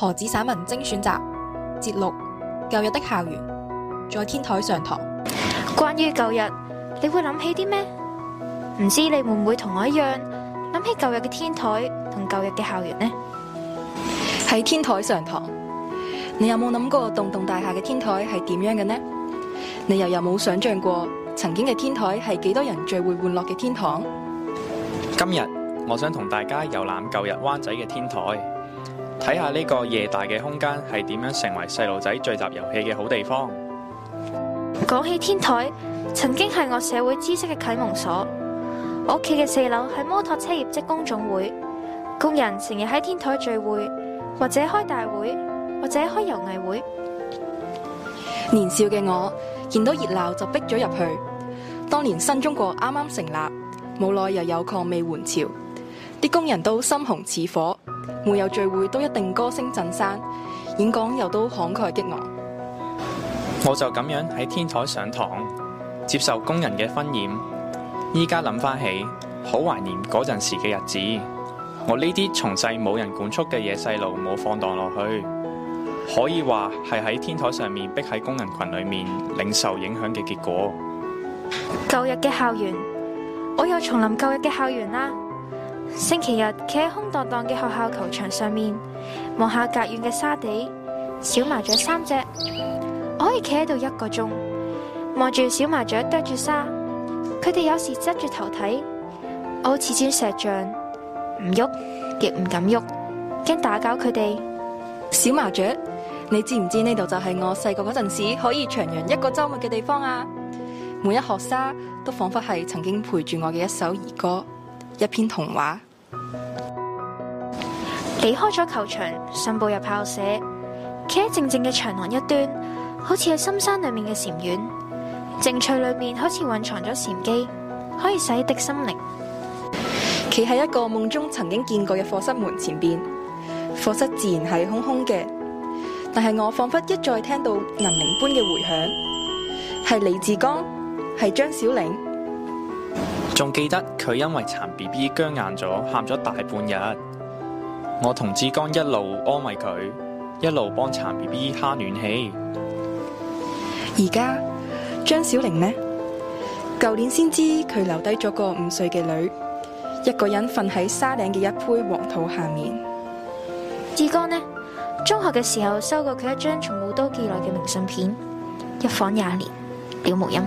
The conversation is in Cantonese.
何紫散文精選集節錄：舊日的校園，在天台上堂。關於舊日，你會諗起啲咩？唔知你會唔會同我一樣諗起舊日嘅天台同舊日嘅校園呢？喺天台上堂，你有冇諗過棟棟大廈嘅天台係點樣嘅呢？你又有冇想象過曾經嘅天台係幾多人聚會玩樂嘅天堂？今日我想同大家遊覽舊日灣仔嘅天台。睇下呢個夜大嘅空間係點樣成為細路仔聚集遊戲嘅好地方。講起天台，曾經係我社會知識嘅啟蒙所。我屋企嘅四樓係摩托車業職工總會，工人成日喺天台聚會，或者開大會，或者開遊藝會。年少嘅我見到熱鬧就逼咗入去。當年新中國啱啱成立，冇耐又有抗美援朝。啲工人都心紅似火，每有聚會都一定歌聲震山，演講又都慷慨激昂。我就咁樣喺天台上堂，接受工人嘅燻染。依家諗翻起，好懷念嗰陣時嘅日子。我呢啲從細冇人管束嘅野細路，冇放蕩落去，可以話係喺天台上面逼喺工人群裏面，領受影響嘅結果。舊日嘅校園，我又重臨舊日嘅校園啦。星期日企喺空蕩蕩嘅學校球場上面，望下隔遠嘅沙地，小麻雀三隻，我可以企喺度一個鐘，望住小麻雀啄住沙，佢哋有時側住頭睇，我好似尊石像，唔喐亦唔敢喐，驚打攪佢哋。小麻雀，你知唔知呢度就係我細個嗰陣時可以長揚一個周末嘅地方啊？每一河沙都仿佛係曾經陪住我嘅一首兒歌。一篇童話，離開咗球場，信步入校舍，企喺靜靜嘅長廊一端，好似喺深山裏面嘅禪院，靜翠裏面好似蘊藏咗禪機，可以洗滌心靈。企喺一個夢中曾經見過嘅課室門前邊，課室自然係空空嘅，但係我仿佛一再聽到銀鈴般嘅回響，係李志剛，係張小玲。仲記得佢因為殘 B B 僵硬咗，喊咗大半日。我同志剛一路安慰佢，一路幫殘 B B 加暖氣。而家張小玲呢？舊年先知佢留低咗個五歲嘅女，一個人瞓喺沙嶺嘅一堆黃土下面。志剛呢？中學嘅時候收過佢一張從老都寄來嘅明信片，一晃廿年，了無音。